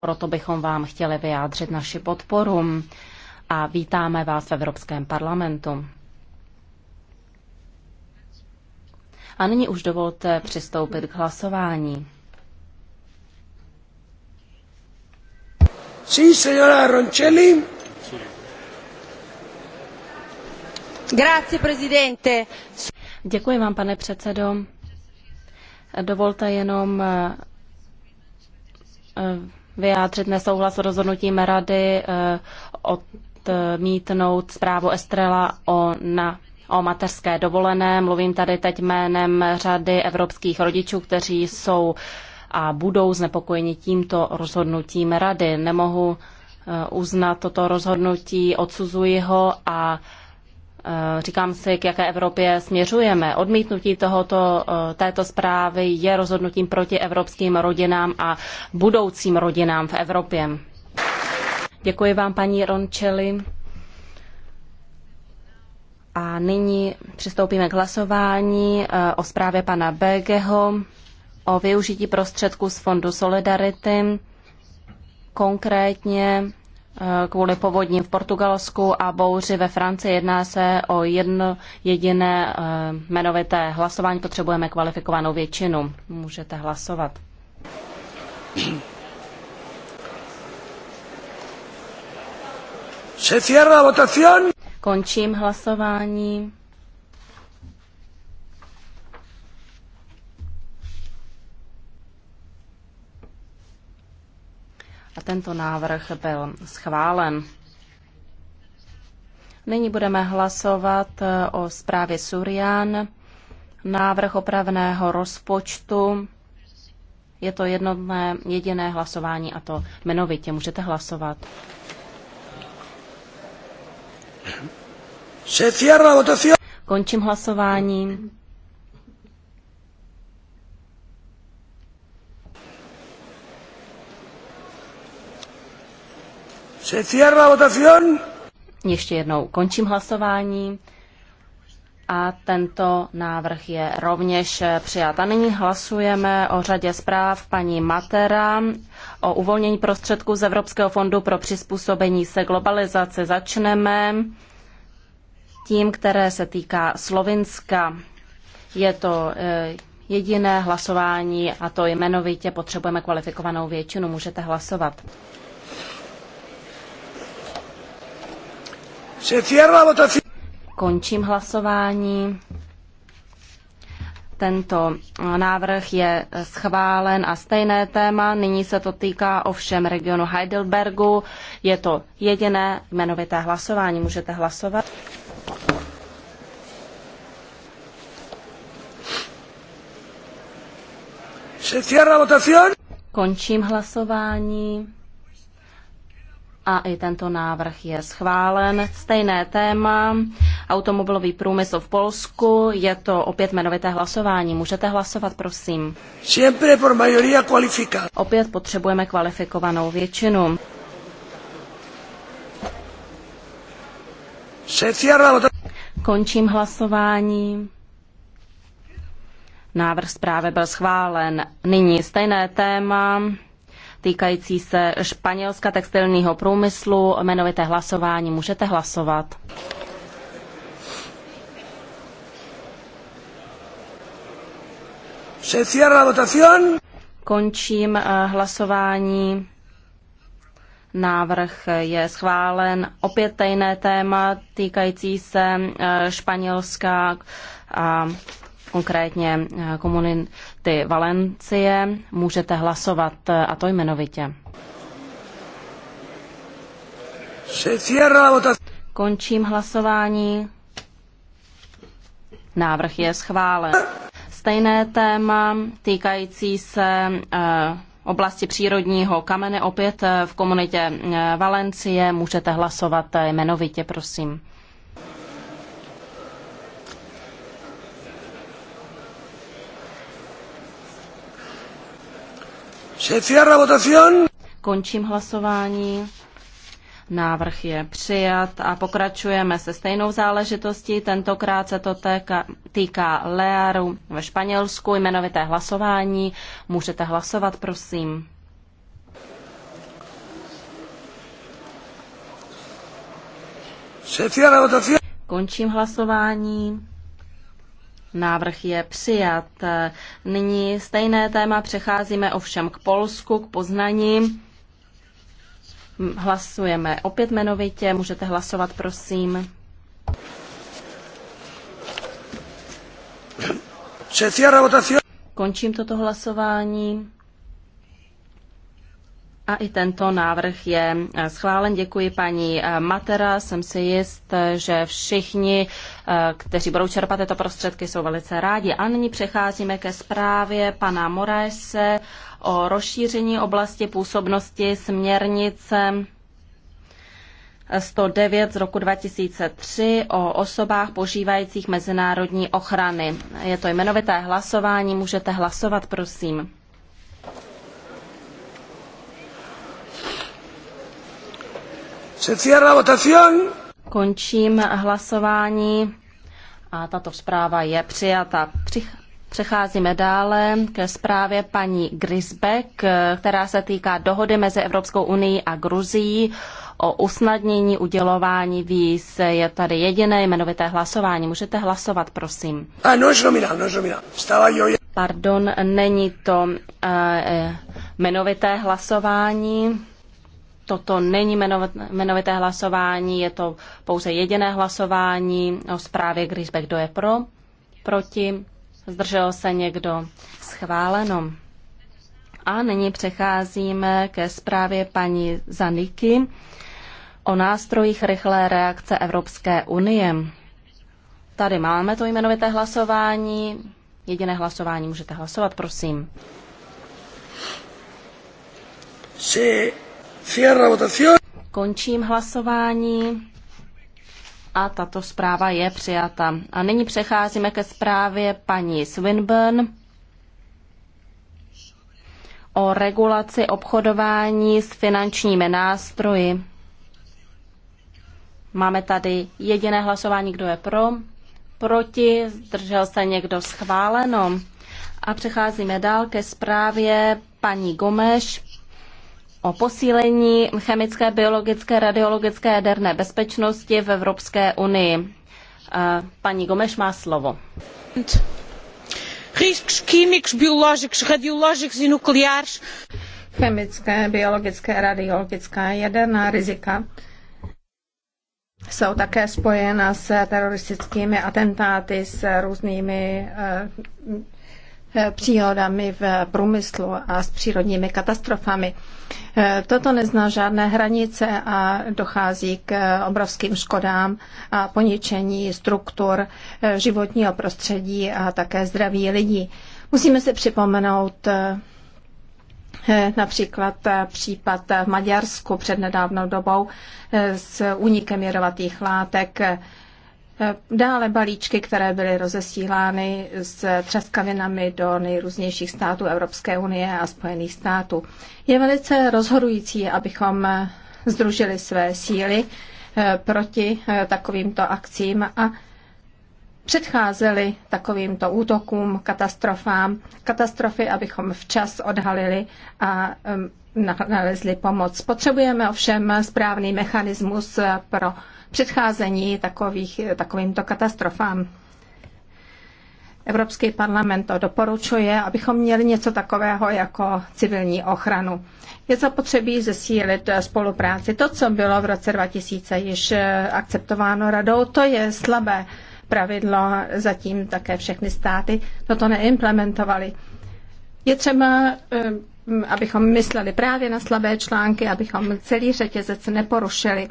Proto bychom vám chtěli vyjádřit naši podporu a vítáme vás v Evropském parlamentu. A nyní už dovolte přistoupit k hlasování. Sí, signora Roncelli. Grazie, presidente. Děkuji vám, pane předsedo. Dovolte jenom eh, vyjádřit nesouhlas s rozhodnutím rady eh, odmítnout zprávu Estrela o na o mateřské dovolené. Mluvím tady teď jménem řady evropských rodičů, kteří jsou a budou znepokojeni tímto rozhodnutím rady. Nemohu eh, uznat toto rozhodnutí, odsuzuji ho a Eh, říkám si, k jaké Evropě směřujeme. Odmítnutí tohoto, eh, této zprávy je rozhodnutím proti evropským rodinám a budoucím rodinám v Evropě. Děkuji vám, paní Rončeli. A nyní přistoupíme k hlasování eh, o zprávě pana Begeho o využití prostředků z Fondu Solidarity, konkrétně kvůli povodním v Portugalsku a bouři ve Francii. Jedná se o jedno jediné eh, jmenovité hlasování. Potřebujeme kvalifikovanou většinu. Můžete hlasovat. Se cierra votación. Končím hlasování. Tento návrh byl schválen. Nyní budeme hlasovat eh, o zprávě Surian, návrh opravného rozpočtu. Je to jednotné jediné hlasování a to jmenovitě. Můžete hlasovat. Končím hlasování. Se cierra votación. Ještě jednou končím hlasování a tento návrh je rovněž přijat. A nyní hlasujeme o řadě zpráv paní Matera o uvolnění prostředků z Evropského fondu pro přizpůsobení se globalizaci. Začneme tím, které se týká Slovinska. Je to e, jediné hlasování a to jmenovitě potřebujeme kvalifikovanou většinu. Můžete hlasovat. Končím hlasování. Tento návrh je schválen a stejné téma. Nyní se to týká ovšem regionu Heidelbergu. Je to jediné jmenovité hlasování. Můžete hlasovat. Končím hlasování a i tento návrh je schválen. Stejné téma, automobilový průmysl v Polsku, je to opět jmenovité hlasování. Můžete hlasovat, prosím. Opět potřebujeme kvalifikovanou většinu. Končím hlasování. Návrh zprávy byl schválen. Nyní stejné téma týkající se španělska textilního průmyslu, jmenovité hlasování. Můžete hlasovat. Se cierra votación. Končím eh, hlasování. Návrh je schválen. Opět tajné téma týkající se eh, Španělska a konkrétně eh, komunit Benedikty Valencie. Můžete hlasovat eh, a to jmenovitě. Končím hlasování. Návrh je schválen. Stejné téma týkající se eh, oblasti přírodního kamene opět eh, v komunitě Valencie. Můžete hlasovat jmenovitě, prosím. Se cierra votación. Končím hlasování. Návrh je přijat a pokračujeme se stejnou záležitostí. Tentokrát se to týká, týká Learu ve Španělsku, jmenovité hlasování. Můžete hlasovat, prosím. Končím hlasování. Návrh je přijat. Nyní stejné téma přecházíme ovšem k Polsku, k Poznaní. Hlasujeme opět jmenovitě. Můžete hlasovat, prosím. Končím toto hlasování. A i tento návrh je eh, schválen. Děkuji paní eh, Matera. Jsem si jist, že všichni, eh, kteří budou čerpat tyto prostředky, jsou velice rádi. A nyní přecházíme ke zprávě pana Moraese o rozšíření oblasti působnosti směrnice 109 z roku 2003 o osobách požívajících mezinárodní ochrany. Je to jmenovité hlasování, můžete hlasovat, prosím. Se cierra votación. Končím hlasování a tato zpráva je přijata. Přecházíme dále ke zprávě paní Grisbeck, která se týká dohody mezi Evropskou unii a Gruzií o usnadnění udělování víz. Je tady jediné jmenovité hlasování. Můžete hlasovat, prosím. Ah, no no a Pardon, není to uh, jmenovité hlasování. Toto není jmenovité hlasování, je to pouze jediné hlasování o zprávě Grisbeck, kdo je pro, proti, zdržel se někdo schváleno. A nyní přecházíme ke zprávě paní Zaniky o nástrojích rychlé reakce Evropské unie. Tady máme to jmenovité hlasování. Jediné hlasování můžete hlasovat, prosím. Se Cierra votación. Končím hlasování a tato zpráva je přijata. A nyní přecházíme ke zprávě paní Swinburne o regulaci obchodování s finančními nástroji. Máme tady jediné hlasování, kdo je pro, proti, zdržel se někdo schváleno. A přecházíme dál ke zprávě paní Gomeš o posílení chemické, biologické, radiologické jaderné bezpečnosti v Evropské unii. Paní Gomeš má slovo. E chemické, biologické, radiologické a jaderná rizika jsou také spojena s teroristickými atentáty, s různými eh, příhodami v průmyslu a s přírodními katastrofami. Eh, toto nezná žádné hranice a dochází k eh, obrovským škodám a poničení struktur eh, životního prostředí a také zdraví lidí. Musíme si připomenout například případ v Maďarsku před nedávnou dobou s únikem jedovatých látek Dále balíčky, které byly rozesílány s třeskavinami do nejrůznějších států Evropské unie a Spojených států. Je velice rozhodující, abychom združili své síly eh, proti eh, takovýmto akcím a předcházeli takovýmto útokům, katastrofám, katastrofy, abychom včas odhalili a nalezli pomoc. Potřebujeme ovšem správný mechanismus eh, pro předcházení takových, takovýmto katastrofám. Evropský parlament to doporučuje, abychom měli něco takového jako civilní ochranu. Je zapotřebí zesílit spolupráci. To, co bylo v roce 2000 již akceptováno radou, to je slabé pravidlo, zatím také všechny státy toto neimplementovaly. Je třeba, eh, abychom mysleli právě na slabé články, abychom celý řetězec neporušili.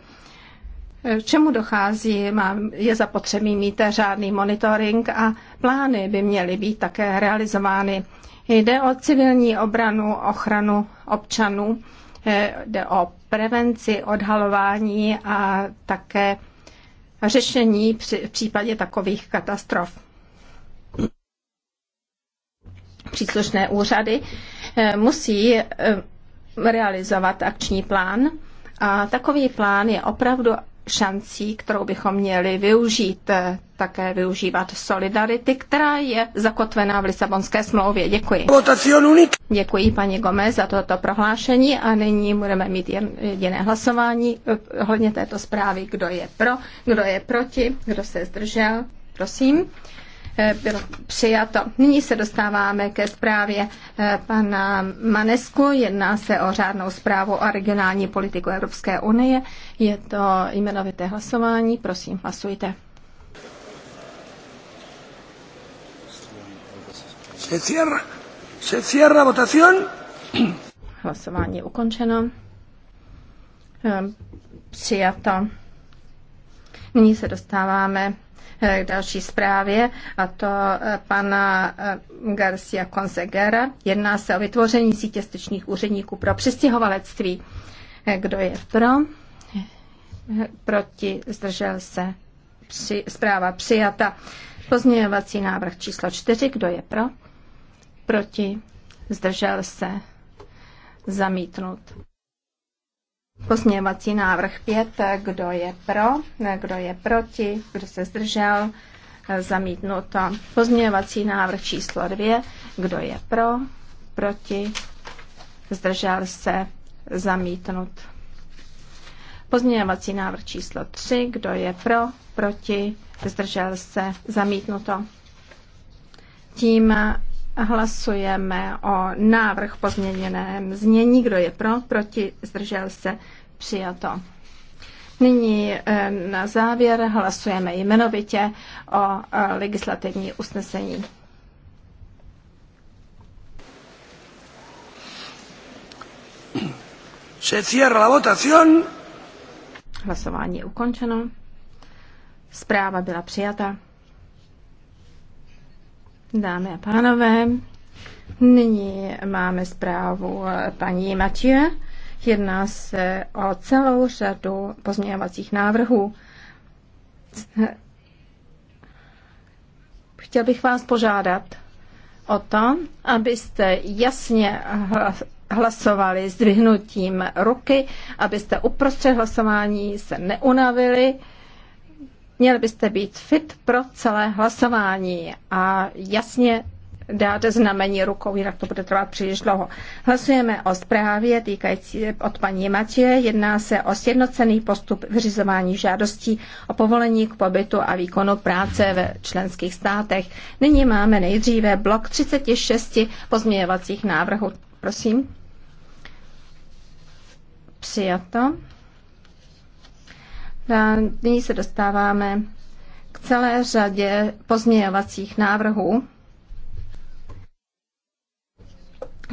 K eh, čemu dochází? Je zapotřebí mít řádný monitoring a plány by měly být také realizovány. Jde o civilní obranu, ochranu občanů, eh, jde o prevenci, odhalování a také řešení v případě takových katastrof. Příslušné úřady eh, musí realizovat akční plán a takový plán je opravdu šancí, kterou bychom měli využít, eh, také využívat solidarity, která je zakotvená v Lisabonské smlouvě. Děkuji. Děkuji paní Gomez za toto prohlášení a nyní budeme mít jediné hlasování eh, ohledně této zprávy, kdo je pro, kdo je proti, kdo se zdržel. Prosím. Eh, bylo přijato. Nyní se dostáváme ke zprávě eh, pana Manesku. Jedná se o řádnou zprávu o regionální politiku Evropské unie. Je to jmenovité hlasování. Prosím, hlasujte. Se cierra, se cierra votación. Hlasování je ukončeno. Eh, přijato. Nyní se dostáváme Eh, k další zprávě, a to eh, pana eh, Garcia Consegera. Jedná se o vytvoření sítě styčných úředníků pro přistěhovalectví. Kdo je pro? Proti zdržel se při, zpráva přijata. Pozměňovací návrh číslo 4. Kdo je pro? Proti zdržel se zamítnut. Pozměňovací návrh 5. Kdo je pro? Kdo je proti? Kdo se zdržel? Zamítnuto. Pozměňovací návrh číslo 2. Kdo je pro? Proti? Zdržel se? Zamítnut. Pozměňovací návrh číslo 3. Kdo je pro? Proti? Zdržel se? Zamítnuto. Tím Hlasujeme o návrh pozměněném znění. Kdo je pro, proti, zdržel se, přijato. Nyní eh, na závěr hlasujeme jmenovitě o eh, legislativní usnesení. Se cierra la votación. Hlasování je ukončeno. Zpráva byla přijata. Dámy a pánové, nyní máme zprávu eh, paní Matě. Jedná se o celou řadu pozměňovacích návrhů. Chtěl bych vás požádat o to, abyste jasně hlasovali vyhnutím ruky, abyste uprostřed hlasování se neunavili. Měli byste být fit pro celé hlasování a jasně dáte znamení rukou, jinak to bude trvat příliš dlouho. Hlasujeme o zprávě týkající od paní Matěje. Jedná se o sjednocený postup vyřizování žádostí o povolení k pobytu a výkonu práce ve členských státech. Nyní máme nejdříve blok 36 pozměňovacích návrhů. Prosím. Přijato. Nyní se dostáváme k celé řadě pozměňovacích návrhů.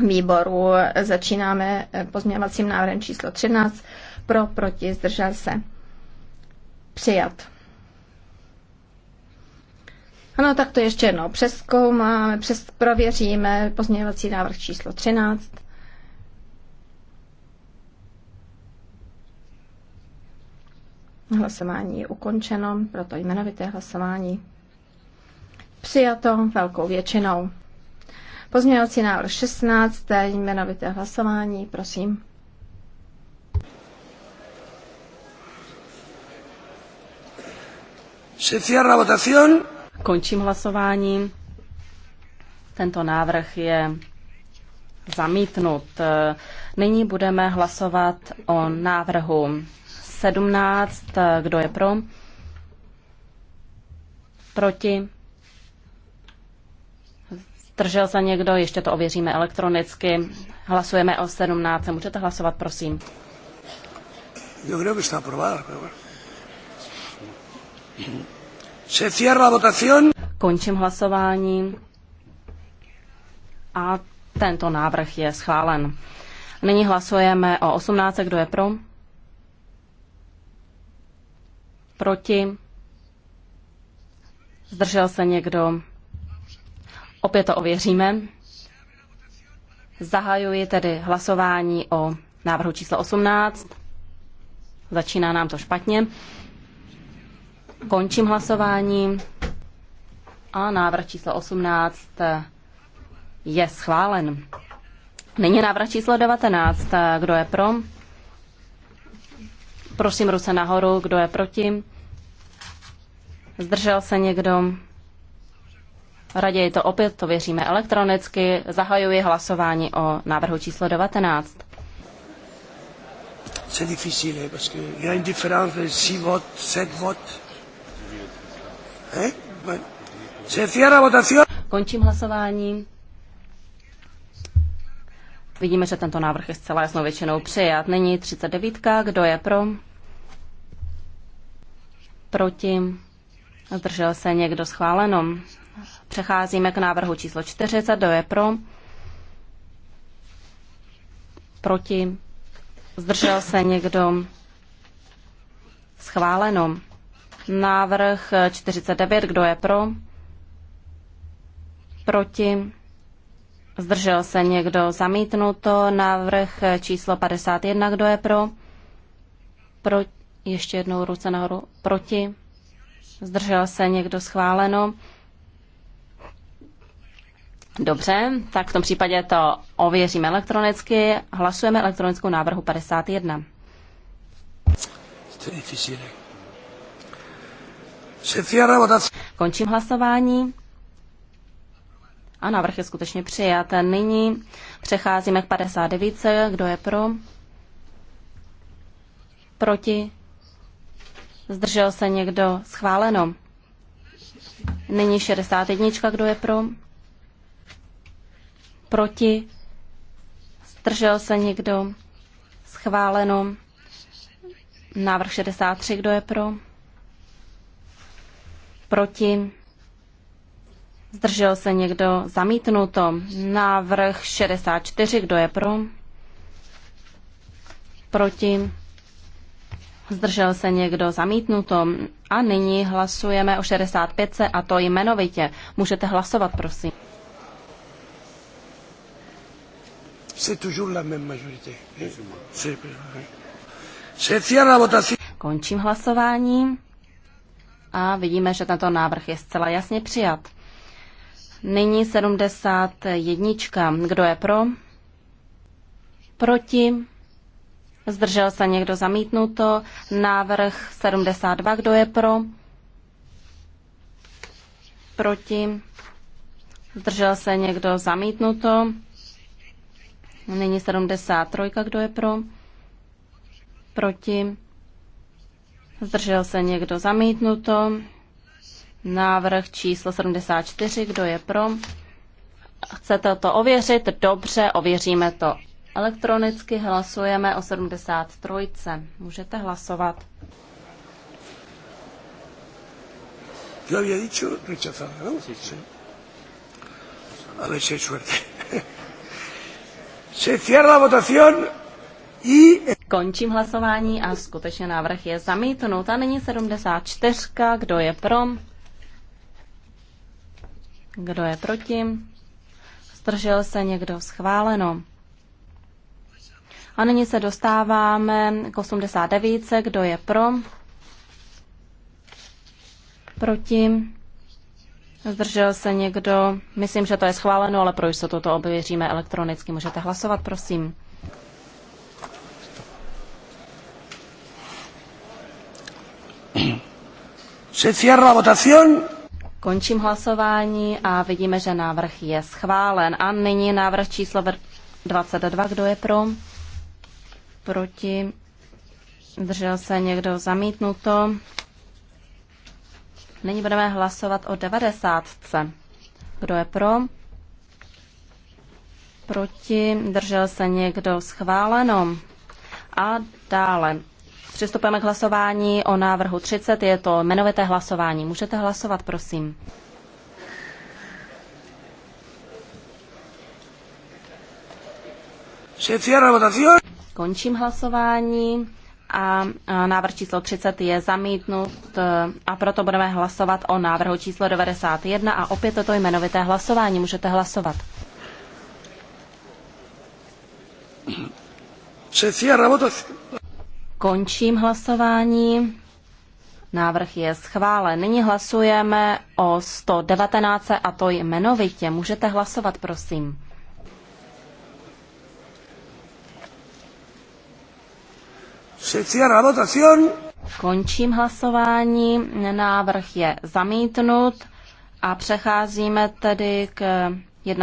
Výboru začínáme pozměňovacím návrhem číslo 13. Pro, proti, zdržel se. Přijat. Ano, tak to ještě jednou přeskoumáme, přes, prověříme pozměňovací návrh číslo 13. Hlasování je ukončeno, proto jmenovité hlasování. Přijato velkou většinou. Pozměňovací návrh 16, jmenovité hlasování, prosím. Se cierra votación. Končím hlasování. Tento návrh je zamítnut. Nyní budeme hlasovat o návrhu 17, kdo je pro? Proti? Zdržel se někdo? Ještě to ověříme elektronicky. Hlasujeme o 17. Můžete hlasovat, prosím. Yo creo que está aprobada, pero bueno. Se cierra votación. Končím hlasování. A tento návrh je schválen. Nyní hlasujeme o 18. Kdo je pro? Proti? Zdržel se někdo? Opět to ověříme. Zahajuji tedy hlasování o návrhu číslo 18. Začíná nám to špatně. Končím hlasování a návrh číslo 18 je schválen. Nyní návrh číslo 19. Kdo je pro? Prosím ruce nahoru, kdo je proti. Zdržel se někdo? Raději to opět to věříme elektronicky. Zahajuji hlasování o návrhu číslo 19. C'est difficile parce qu'il y a une différence de 6 votes, 7 votes. Hein? Se cierra votación. Končím hlasování. Vidíme, že tento návrh je zcela jasnou většinou přijat. Není 39. Kdo je pro? Proti? Zdržel se někdo schváleno? Přecházíme k návrhu číslo 40. Kdo je pro? Proti? Zdržel se někdo? Schváleno. Návrh 49. Kdo je pro? Proti? Zdržel se někdo? Zamítnuto. Návrh číslo 51. Kdo je pro? Pro. Ještě jednou ruce nahoru. Proti. Zdržel se někdo? Schváleno. Dobře, tak v tom případě to ověříme elektronicky. Hlasujeme elektronickou návrhu 51. Končím hlasování a návrh je skutečně přijat. Nyní přecházíme k 59. Kdo je pro? Proti? Zdržel se někdo? Schváleno. Nyní 61. Kdo je pro? Proti? Zdržel se někdo? Schváleno. Návrh 63. Kdo je pro? Proti? Zdržel se někdo? Zamítnuto. Návrh 64. Kdo je pro? Proti? Zdržel se někdo? Zamítnuto. A nyní hlasujeme o 65. a to jmenovitě. Můžete hlasovat, prosím. Končím hlasování a vidíme, že tento návrh je zcela jasně přijat. Nyní 71. Kdo je pro? Proti? Zdržel se někdo zamítnuto? Návrh 72. Kdo je pro? Proti? Zdržel se někdo zamítnuto? Nyní 73. Kdo je pro? Proti? Zdržel se někdo zamítnuto? Návrh číslo 74, kdo je pro? Chcete to ověřit? Dobře, ověříme to. Elektronicky hlasujeme o 73. Můžete hlasovat. Já había dicho ¿no? Sí, si Se cierra votación y... Končím hlasování a skutečně návrh je zamítnut. A nyní 74. Kdo je pro? Kdo je proti? Zdržel se někdo schváleno. A nyní se dostáváme k 89. Kdo je pro? Proti? Zdržel se někdo? Myslím, že to je schváleno, ale pro jistotu to ověříme elektronicky. Můžete hlasovat, prosím. Se cierra votación. Končím hlasování a vidíme, že návrh je schválen. A nyní návrh číslo 22. Kdo je pro? Proti? Držel se někdo zamítnuto? Nyní budeme hlasovat o 90. Kdo je pro? Proti? Držel se někdo schváleno? A dále Přistupujeme k hlasování o návrhu 30. Je to jmenovité hlasování. Můžete hlasovat, prosím. Končím hlasování a návrh číslo 30 je zamítnut e, a proto budeme hlasovat o návrhu číslo 91 a opět toto jmenovité hlasování. Můžete hlasovat. Se cierra votación. Končím hlasování. Návrh je schválen. Nyní hlasujeme o 119 a to jmenovitě. Můžete hlasovat, prosím. Se cierra votación. Končím hlasování. Návrh je zamítnut a přecházíme tedy k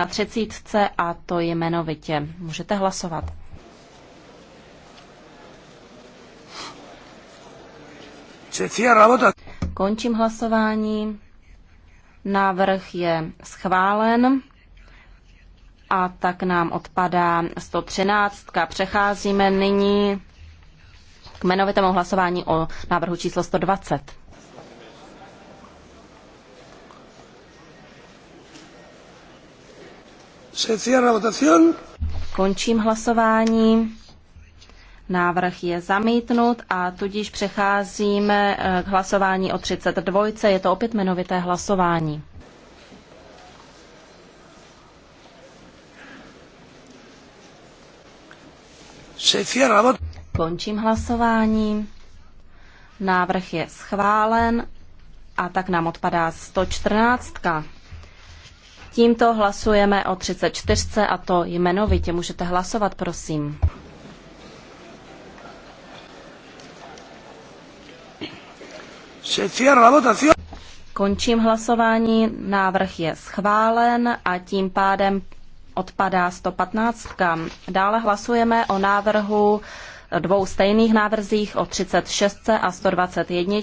31. a to jmenovitě. Můžete hlasovat. Končím hlasování. Návrh je schválen a tak nám odpadá 113. Přecházíme nyní k jmenovitému hlasování o návrhu číslo 120. Se cierra votación. Končím hlasování. Návrh je zamítnut a tudíž přecházíme eh, k hlasování o 32. Je to opět jmenovité hlasování. Končím hlasování. Návrh je schválen a tak nám odpadá 114. Tímto hlasujeme o 34 a to jmenovitě. Můžete hlasovat, prosím. Končím hlasování, návrh je schválen a tím pádem odpadá 115. Dále hlasujeme o návrhu dvou stejných návrzích o 36 a 121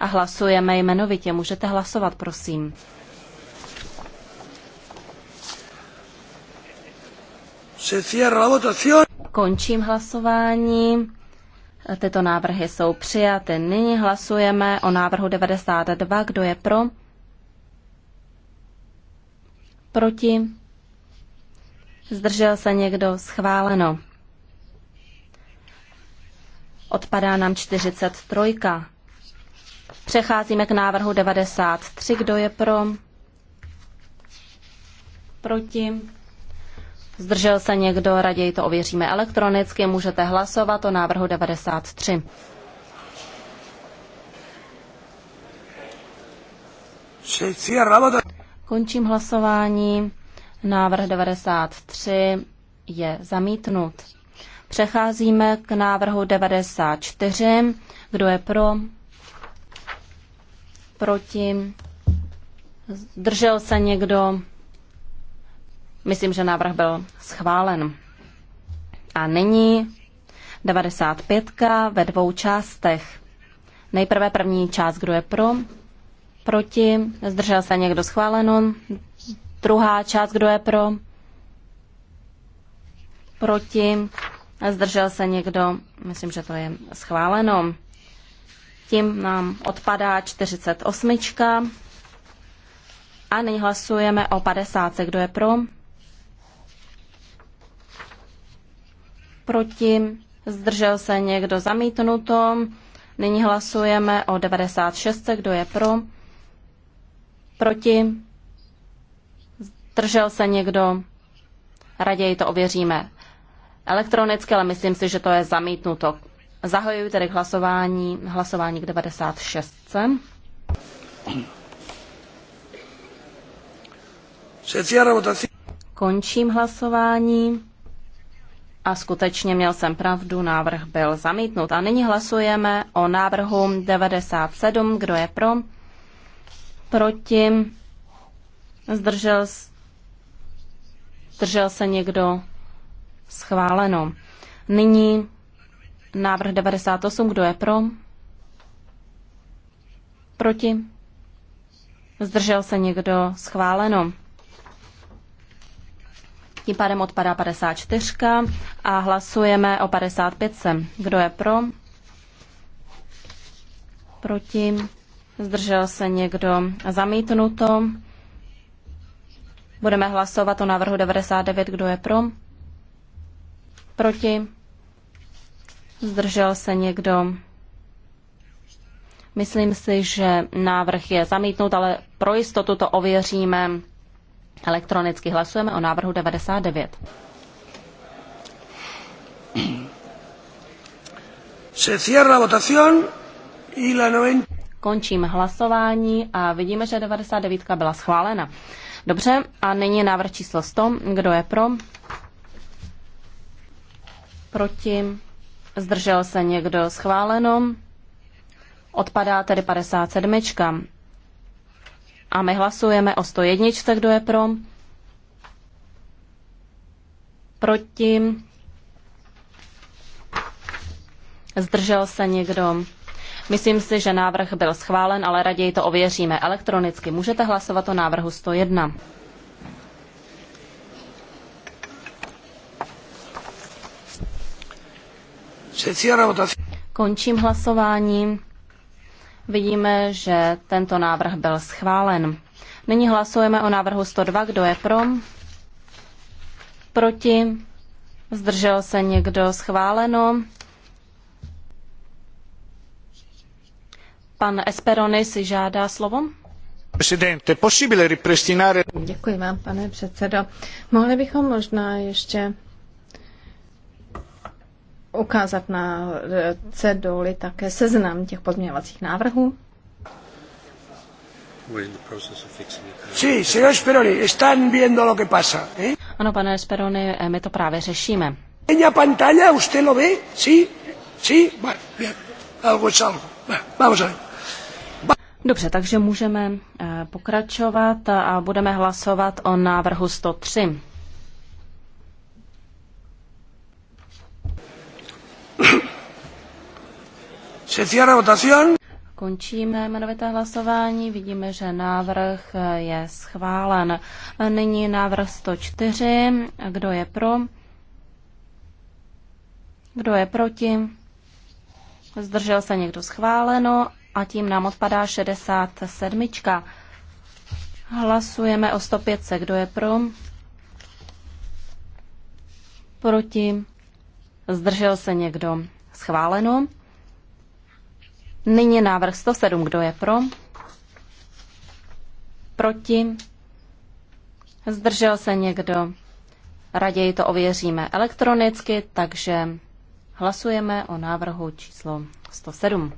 a hlasujeme jmenovitě. Můžete hlasovat, prosím. Končím hlasování. Tyto návrhy jsou přijaty. Nyní hlasujeme o návrhu 92. Kdo je pro? Proti? Zdržel se někdo? Schváleno. Odpadá nám 43. Přecházíme k návrhu 93. Kdo je pro? Proti? Zdržel se někdo, raději to ověříme elektronicky, můžete hlasovat o návrhu 93. Končím hlasování. Návrh 93 je zamítnut. Přecházíme k návrhu 94. Kdo je pro? Proti? Zdržel se někdo? Myslím, že návrh byl schválen. A nyní 95 ve dvou částech. Nejprve první část, kdo je pro, proti, zdržel se někdo schváleno. Druhá část, kdo je pro, proti, zdržel se někdo, myslím, že to je schváleno. Tím nám odpadá 48. A nyní hlasujeme o 50. Kdo je pro? proti, zdržel se někdo zamítnuto. Nyní hlasujeme o 96, kdo je pro, proti, zdržel se někdo, raději to ověříme elektronicky, ale myslím si, že to je zamítnuto. Zahajuji tedy hlasování, hlasování k 96. Končím hlasování. A skutečně měl jsem pravdu, návrh byl zamítnut. A nyní hlasujeme o návrhu 97. Kdo je pro? Proti? Zdržel, zdržel se někdo? Schváleno. Nyní návrh 98. Kdo je pro? Proti? Zdržel se někdo? Schváleno. Tím pádem odpadá 54 a hlasujeme o 55. Kdo je pro? Proti? Zdržel se někdo? Zamítnuto. Budeme hlasovat o návrhu 99. Kdo je pro? Proti? Zdržel se někdo? Myslím si, že návrh je zamítnut, ale pro jistotu to ověříme. Elektronicky hlasujeme o návrhu 99. Se cierra votación y la noven... Končím hlasování a vidíme, že 99 byla schválena. Dobře, a nyní návrh číslo 100. Kdo je pro? Proti? Zdržel se někdo? Schváleno. Odpadá tedy 57 a my hlasujeme o 101, kdo je pro, proti, zdržel se někdo. Myslím si, že návrh byl schválen, ale raději to ověříme elektronicky. Můžete hlasovat o návrhu 101. Končím hlasování. Vidíme, že tento návrh byl schválen. Nyní hlasujeme o návrhu 102. Kdo je pro? Proti? Zdržel se někdo? Schváleno. Pan Esperony si žádá slovo. Děkuji vám, pane předsedo. Mohli bychom možná ještě ukázat na ceduli také seznam těch pozměňovacích návrhů. Sí, señor están viendo lo que pasa. ¿eh? Ano, pane Speroni, e, my to právě řešíme. pantalla, usted lo ve? Sí, sí, Dobře, takže můžeme e, pokračovat a budeme hlasovat o návrhu 103. Se cierra votación. Končíme jmenovité hlasování. Vidíme, že návrh je schválen. Nyní návrh 104. Kdo je pro? Kdo je proti? Zdržel se někdo schváleno a tím nám odpadá 67. Hlasujeme o 105. Kdo je pro? Proti? Zdržel se někdo schváleno. Nyní návrh 107. Kdo je pro? Proti? Zdržel se někdo? Raději to ověříme elektronicky, takže hlasujeme o návrhu číslo 107.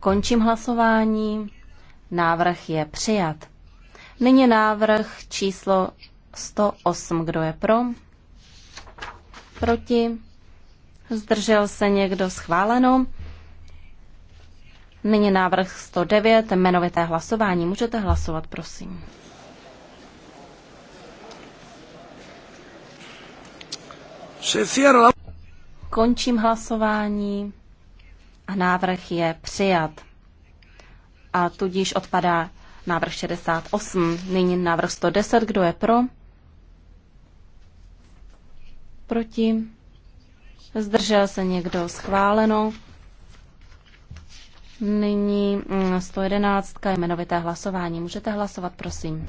Končím hlasování. Návrh je přijat. Nyní návrh číslo 108. Kdo je pro? proti, zdržel se někdo schváleno. Nyní návrh 109, jmenovité hlasování. Můžete hlasovat, prosím. Končím hlasování a návrh je přijat. A tudíž odpadá návrh 68. Nyní návrh 110. Kdo je pro? Proti? Zdržel se někdo? Schváleno. Nyní 111. Mm, jmenovité hlasování. Můžete hlasovat, prosím.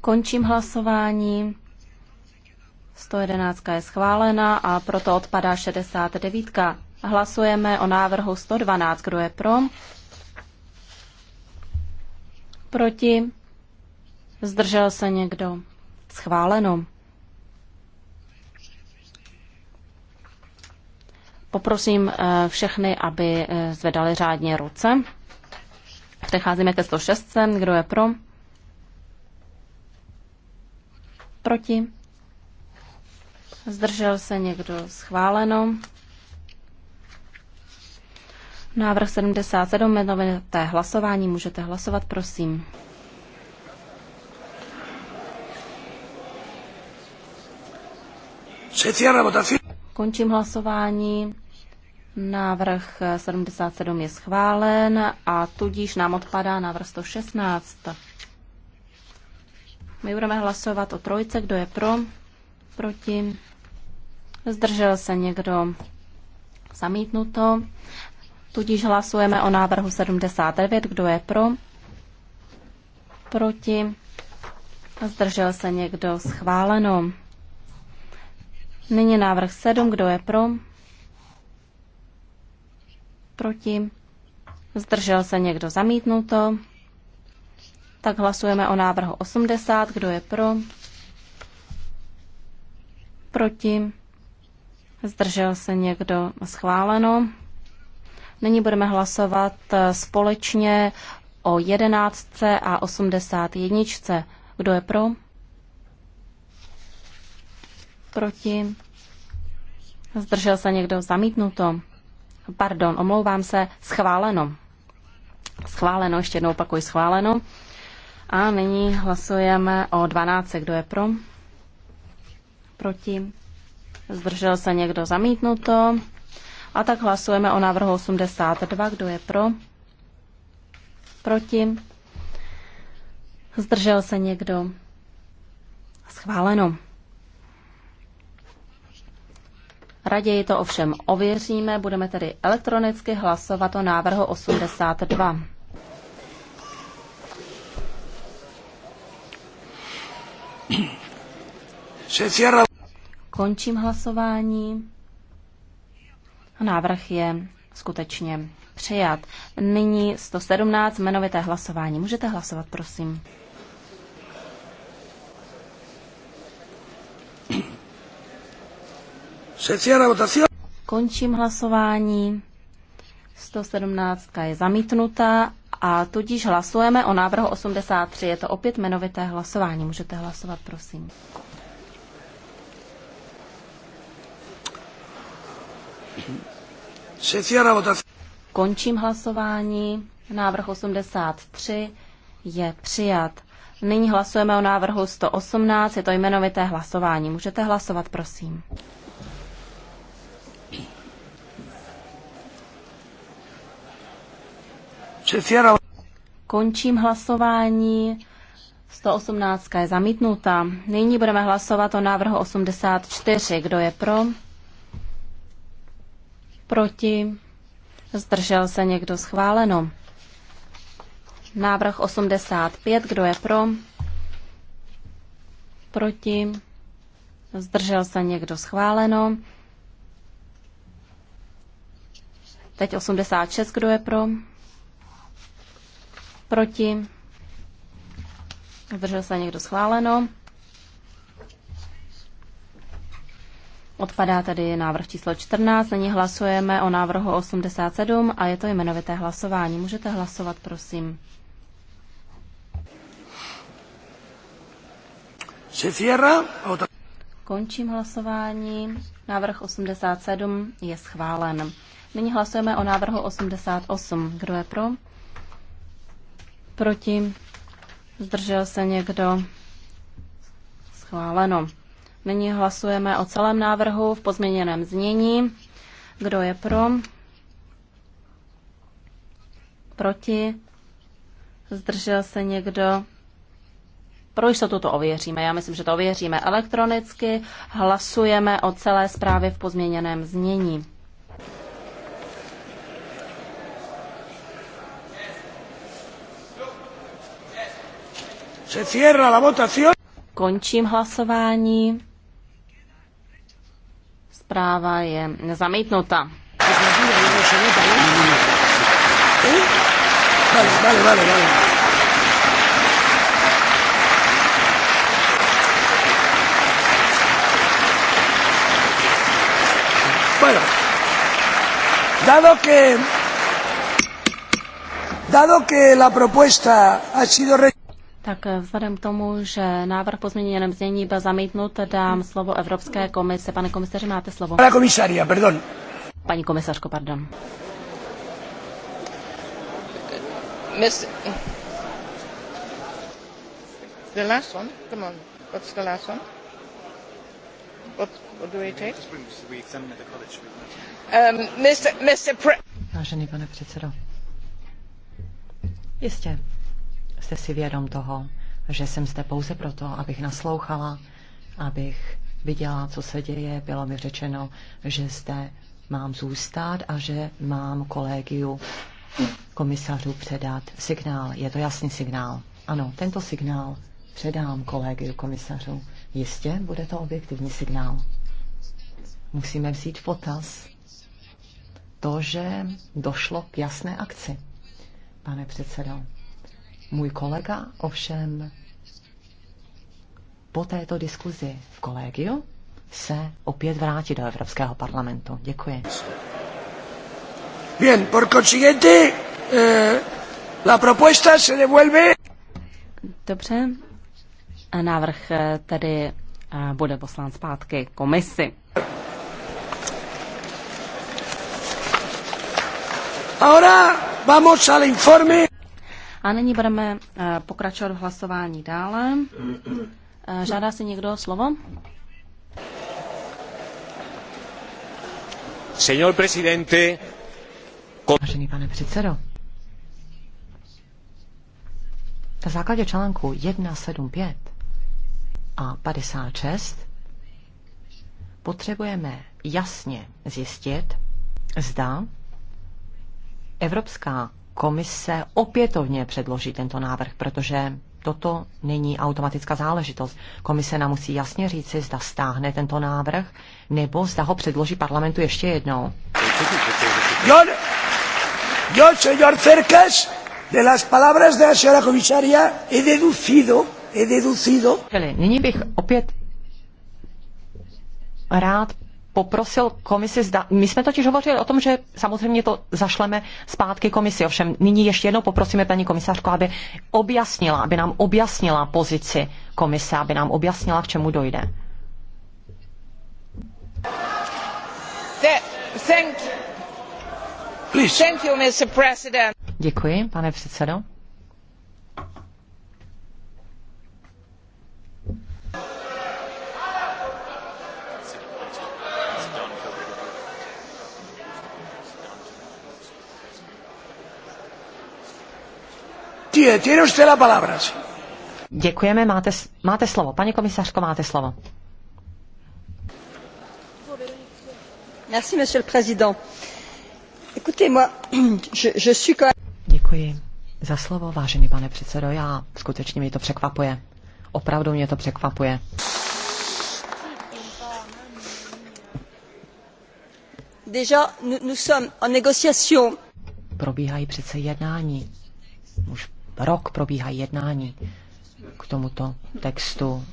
Končím hlasování. 111 je schválena a proto odpadá 69. Hlasujeme o návrhu 112. Kdo je pro? Proti? Zdržel se někdo? Schváleno. Poprosím eh, všechny, aby eh, zvedali řádně ruce. Přecházíme ke 106. Kdo je pro? Proti? Zdržel se někdo? Schváleno. Návrh 77, jmenovité hlasování, můžete hlasovat, prosím. Končím hlasování. Návrh 77 je schválen a tudíž nám odpadá návrh 116. My budeme hlasovat o trojce, kdo je pro, proti, zdržel se někdo, zamítnuto. Tudíž hlasujeme o návrhu 79. Kdo je pro? Proti? Zdržel se někdo? Schváleno. Nyní návrh 7. Kdo je pro? Proti? Zdržel se někdo? Zamítnuto. Tak hlasujeme o návrhu 80. Kdo je pro? Proti? Zdržel se někdo? Schváleno. Nyní budeme hlasovat eh, společně o 11 a 81. Kdo je pro? Proti? Zdržel se někdo? Zamítnuto. Pardon, omlouvám se. Schváleno. Schváleno, ještě jednou opakuji schváleno. A nyní hlasujeme o 12. Kdo je pro? Proti? Zdržel se někdo? Zamítnuto. A tak hlasujeme o návrhu 82. Kdo je pro? Proti? Zdržel se někdo? Schváleno. Raději to ovšem ověříme, budeme tedy elektronicky hlasovat o návrhu 82. Končím hlasování. Návrh je skutečně přijat. Nyní 117 jmenovité hlasování. Můžete hlasovat, prosím. Končím hlasování. 117 je zamítnutá a tudíž hlasujeme o návrhu 83. Je to opět jmenovité hlasování. Můžete hlasovat, prosím. Končím hlasování. Návrh 83 je přijat. Nyní hlasujeme o návrhu 118, je to jmenovité hlasování. Můžete hlasovat, prosím. Končím hlasování. 118 je zamítnuta. Nyní budeme hlasovat o návrhu 84. Kdo je pro? proti, zdržel se někdo schváleno. Návrh 85, kdo je pro, proti, zdržel se někdo schváleno. Teď 86, kdo je pro, proti, zdržel se někdo schváleno. Odpadá tedy návrh číslo 14, nyní hlasujeme o návrhu 87 a je to jmenovité hlasování. Můžete hlasovat, prosím. Se cierra. Končím hlasování. Návrh 87 je schválen. Nyní hlasujeme o návrhu 88. Kdo je pro? Proti? Zdržel se někdo? Schváleno. Nyní hlasujeme o celém návrhu v pozměněném znění. Kdo je pro? Proti? Zdržel se někdo? Pro jistotu to ověříme. Já myslím, že to ověříme elektronicky. Hlasujeme o celé zprávě v pozměněném znění. Končím hlasování. Zpráva je zamítnuta. Bueno, dado que, dado que la propuesta ha sido. Tak vzhledem k tomu, že návrh po změněném znění byl zamítnut, dám slovo Evropské komise. Pane komisaři, máte slovo. Pane komisaria, pardon. Paní komisařko, pardon. The last one? Come on. What's the last one? What, what do we take? Um, Mr. Mr. Pre... Vážený pane předsedo. Jistě, jste si vědom toho, že jsem zde pouze proto, abych naslouchala, abych viděla, co se děje. Bylo mi řečeno, že zde mám zůstat a že mám kolegiu komisařů předat signál. Je to jasný signál. Ano, tento signál předám kolegiu komisařů. Jistě bude to objektivní signál. Musíme vzít potaz to, že došlo k jasné akci, pane předsedo. Můj kolega ovšem po této diskuzi v kolegiu se opět vrátí do Evropského parlamentu. Děkuji. Bien, por consiguiente, eh, la propuesta se devuelve. Dobře. A návrh eh, tedy eh, bude poslán zpátky komisi. Ahora vamos al informe. A nyní budeme eh, pokračovat v hlasování dále. Eh, žádá si někdo slovo? Señor presidente. Vážený pane předsedo. Na základě článku 175 a 56 potřebujeme jasně zjistit, zda Evropská komise opětovně předloží tento návrh, protože toto není automatická záležitost. Komise nám musí jasně říci, zda stáhne tento návrh, nebo zda ho předloží parlamentu ještě jednou. Yo, yo señor Cercas, de las palabras de la señora comisaria, he deducido, he deducido. Nyní bych opět rád poprosil komisi, zda, my jsme totiž hovořili o tom, že samozřejmě to zašleme zpátky komisi, ovšem nyní ještě jednou poprosíme paní komisařku, aby objasnila, aby nám objasnila pozici komise, aby nám objasnila, k čemu dojde. Thank you, Mr. President. Děkuji, pane předsedo. Tiene usted la palabra. Děkujeme, máte, máte slovo. Paní komisařko, máte slovo. Merci, monsieur le président. Écoutez-moi, je, je suis quand Děkuji za slovo, vážený pane předsedo. Já skutečně mě to překvapuje. Opravdu mě to překvapuje. Déjà, nous, nous sommes en négociation. Probíhají přece jednání rok probíhají jednání k tomuto textu.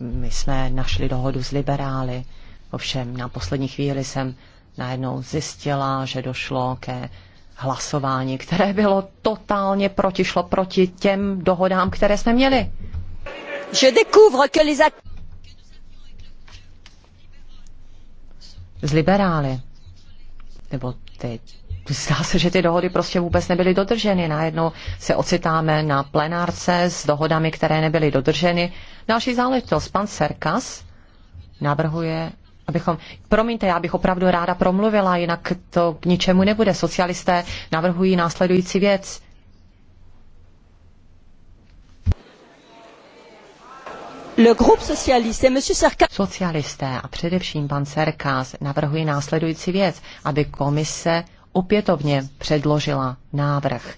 My jsme našli dohodu s liberály, ovšem na poslední chvíli jsem najednou zjistila, že došlo ke hlasování, které bylo totálně protišlo proti těm dohodám, které jsme měli. Je découvre que les Z liberály, nebo ty zdá se, že ty dohody prostě vůbec nebyly dodrženy. Najednou se ocitáme na plenárce s dohodami, které nebyly dodrženy. Další záležitost. Pan Serkas navrhuje, abychom... Promiňte, já bych opravdu ráda promluvila, jinak to k ničemu nebude. Socialisté navrhují následující věc. Le groupe socialiste, monsieur Sarka... Socialisté a především pan Serkas navrhují následující věc, aby komise opětovně předložila návrh.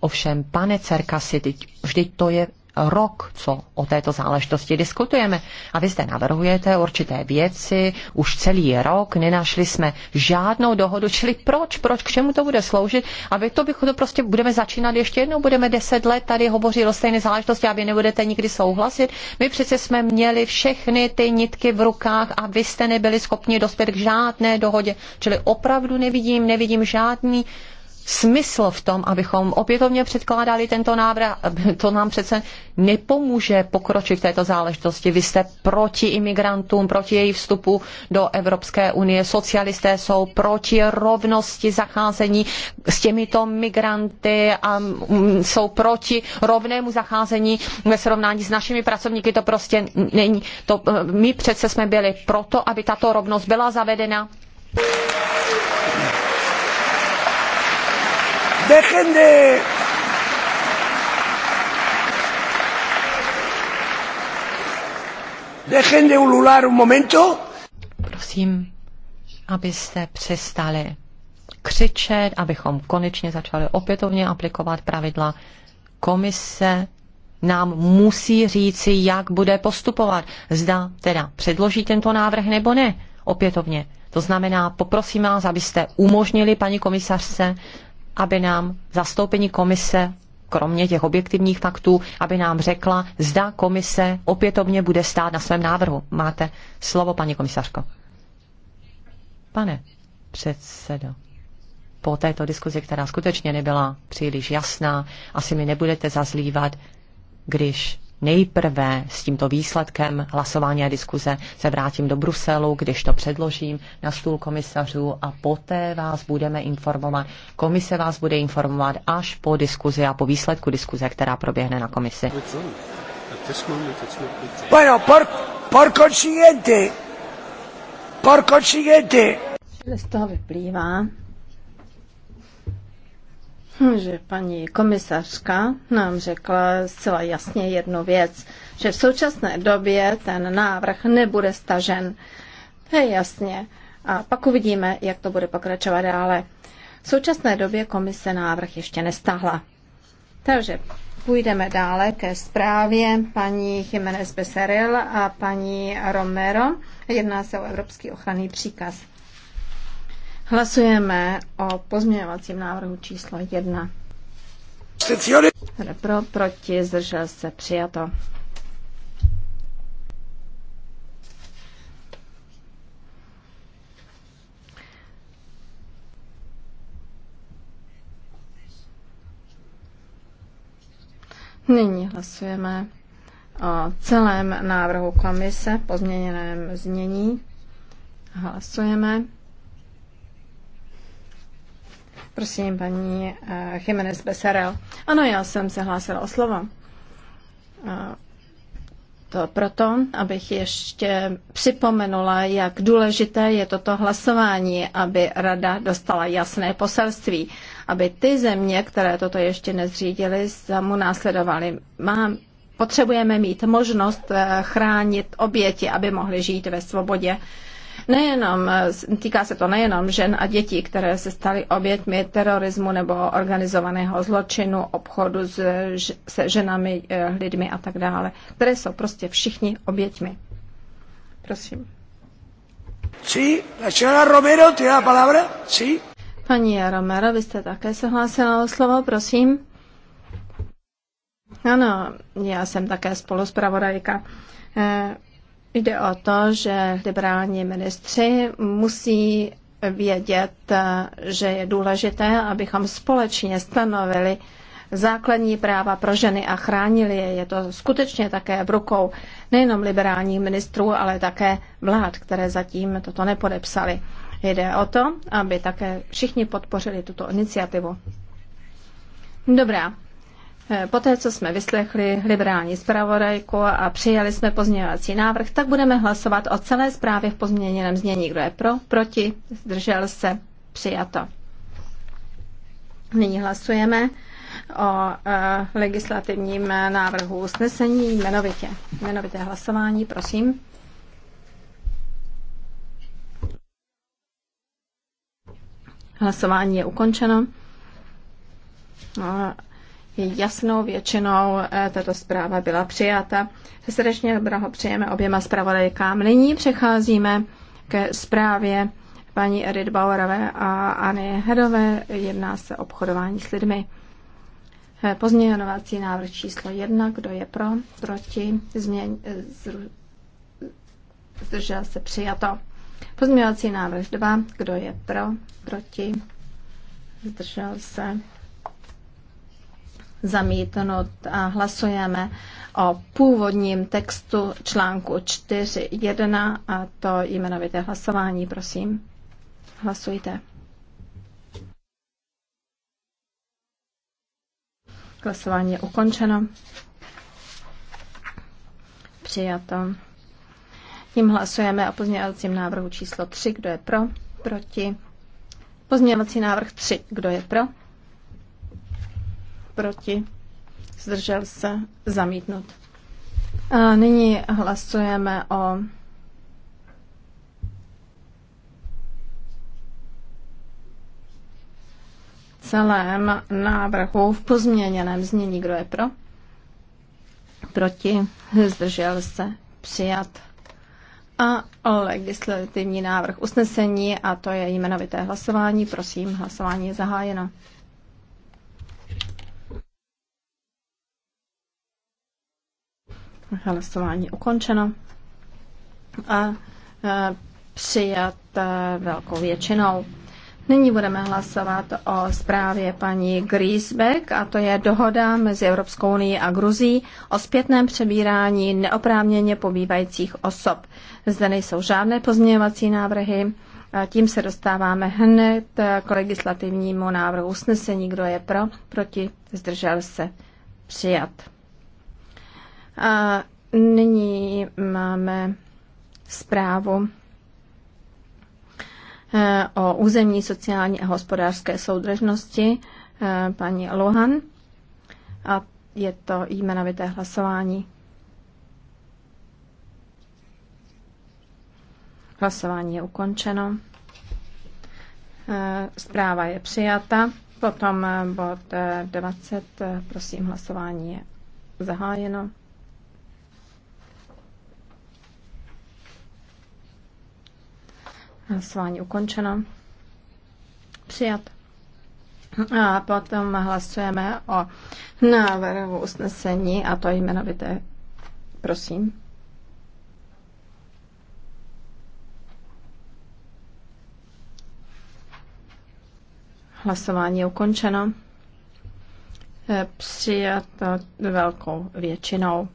Ovšem, pane Cerkasi, vždyť to je rok, co o této záležitosti diskutujeme. A vy zde navrhujete určité věci, už celý rok nenašli jsme žádnou dohodu, čili proč, proč, k čemu to bude sloužit, aby to, bych, to prostě budeme začínat ještě jednou, budeme deset let tady hovořit o stejné záležitosti a vy nebudete nikdy souhlasit. My přece jsme měli všechny ty nitky v rukách a vy jste nebyli schopni dospět k žádné dohodě, čili opravdu nevidím, nevidím žádný smysl v tom, abychom opětovně předkládali tento návrh. To nám přece nepomůže pokročit v této záležitosti. Vy jste proti imigrantům, proti jejich vstupu do Evropské unie. Socialisté jsou proti rovnosti zacházení s těmito migranty a mm, jsou proti rovnému zacházení ve srovnání s našimi pracovníky. To prostě není. To, eh, my přece jsme byli proto, aby tato rovnost byla zavedena. Dejen de... Dejen de ulular un momento. Prosím, abyste přestali křičet, abychom konečně začali opětovně aplikovat pravidla. Komise nám musí říci, jak bude postupovat. Zda teda předloží tento návrh nebo ne opětovně. To znamená, poprosím vás, abyste umožnili paní komisařce, aby nám zastoupení komise kromě těch objektivních faktů, aby nám řekla, zda komise opětovně bude stát na svém návrhu. Máte slovo, paní komisařko. Pane předsedo, po této diskuzi, která skutečně nebyla příliš jasná, asi mi nebudete zazlívat, když nejprve s tímto výsledkem hlasování a diskuze se vrátím do Bruselu, když to předložím na stůl komisařů a poté vás budeme informovat. Komise vás bude informovat až po diskuzi a po výsledku diskuze, která proběhne na komisi. Bueno, por, por consiguiente, por consiguiente. Z toho vyplývá, že paní komisařka nám řekla zcela jasně jednu věc, že v současné době ten návrh nebude stažen. To je jasně. A pak uvidíme, jak to bude pokračovat dále. V současné době komise návrh ještě nestahla. Takže půjdeme dále ke zprávě paní Jiménez Beseril a paní Romero. Jedná se o Evropský ochranný příkaz. Hlasujeme o pozměňovacím návrhu číslo 1. Pro, proti, zdržel se, přijato. Nyní hlasujeme o celém návrhu komise, pozměněném znění. Hlasujeme. Prosím, paní eh, Jiménez Besarel. Ano, já jsem se hlásila o slovo. Eh, to proto, abych ještě připomenula, jak důležité je toto hlasování, aby Rada dostala jasné poselství, aby ty země, které toto ještě nezřídily, samu následovaly. Mám, potřebujeme mít možnost eh, chránit oběti, aby mohly žít ve svobodě Nejenom, eh, týká se to nejenom žen a dětí, které se staly obětmi terorismu nebo organizovaného zločinu, obchodu s, se ženami, eh, lidmi a tak dále, které jsou prostě všichni oběťmi. Prosím. Sí, la señora Romero tiene la palabra. Sí. Paní Romero, vy jste také se hlásila o slovo, prosím. Ano, já jsem také spoluspravodajka eh, Jde o to, že liberální ministři musí vědět, že je důležité, abychom společně stanovili základní práva pro ženy a chránili je. Je to skutečně také v rukou nejenom liberálních ministrů, ale také vlád, které zatím toto nepodepsali. Jde o to, aby také všichni podpořili tuto iniciativu. Dobrá, Eh, poté, co jsme vyslechli liberální zpravodajku a přijali jsme pozměňovací návrh, tak budeme hlasovat o celé zprávě v pozměněném znění. Kdo je pro, proti, zdržel se, přijato. Nyní hlasujeme o eh, legislativním návrhu usnesení jmenovitě. Jmenovité hlasování, prosím. Hlasování je ukončeno. Eh, jasnou většinou eh, tato zpráva byla přijata. Srdečně blahopřejeme oběma zpravodajkám. Nyní přecházíme ke zprávě paní Edith Bauerové a Anny Hedové. Jedná se obchodování s lidmi. Eh, pozměňovací návrh číslo jedna, Kdo je pro? Proti? Změň, eh, zru, zdržel se přijato. Pozměňovací návrh dva. Kdo je pro? Proti? Zdržel se zamítnut a hlasujeme o původním textu článku 4.1 a to jmenovité hlasování, prosím. Hlasujte. Hlasování je ukončeno. Přijato. Tím hlasujeme o pozměňovacím návrhu číslo 3. Kdo je pro? Proti? Pozměňovací návrh 3. Kdo je pro? proti, zdržel se, zamítnut. A nyní hlasujeme o celém návrhu v pozměněném znění. Kdo je pro? Proti? Zdržel se? Přijat? A o legislativní návrh usnesení, a to je jmenovité hlasování. Prosím, hlasování je zahájeno. hlasování ukončeno a e, přijat velkou většinou. Nyní budeme hlasovat o zprávě paní Griesbeck a to je dohoda mezi Evropskou unii a Gruzí o zpětném přebírání neoprávněně pobývajících osob. Zde nejsou žádné pozměňovací návrhy. A tím se dostáváme hned k legislativnímu návrhu usnesení. Kdo je pro, proti, zdržel se, přijat. A Nyní máme zprávu eh, o územní, sociální a hospodářské soudržnosti eh, paní Lohan a je to jmenovité hlasování. Hlasování je ukončeno. Eh, zpráva je přijata. Potom bod 20, prosím, hlasování je zahájeno. Hlasování ukončeno. Přijat. A potom hlasujeme o návrhu usnesení a to jmenovité. Prosím. Hlasování je ukončeno. E, přijato velkou většinou.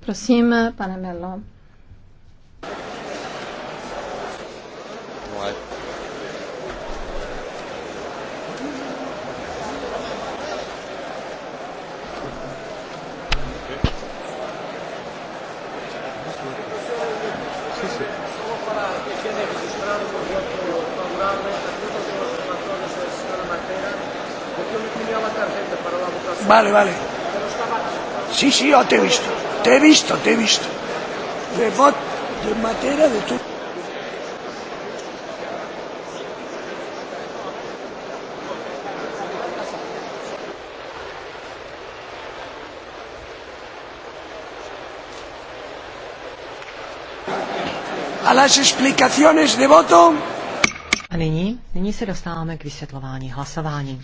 Prosím, pane Melo. Vale, vale. Sí, sí, yo te he visto. Te he visto, te he visto. De bot, de materia de tu... A las explicaciones de voto. A nyní, nyní se dostáváme k vysvětlování hlasování.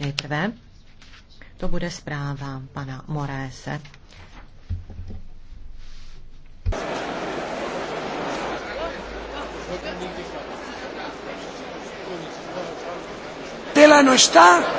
Nejprve to bude zpráva pana Morése. Tela no está.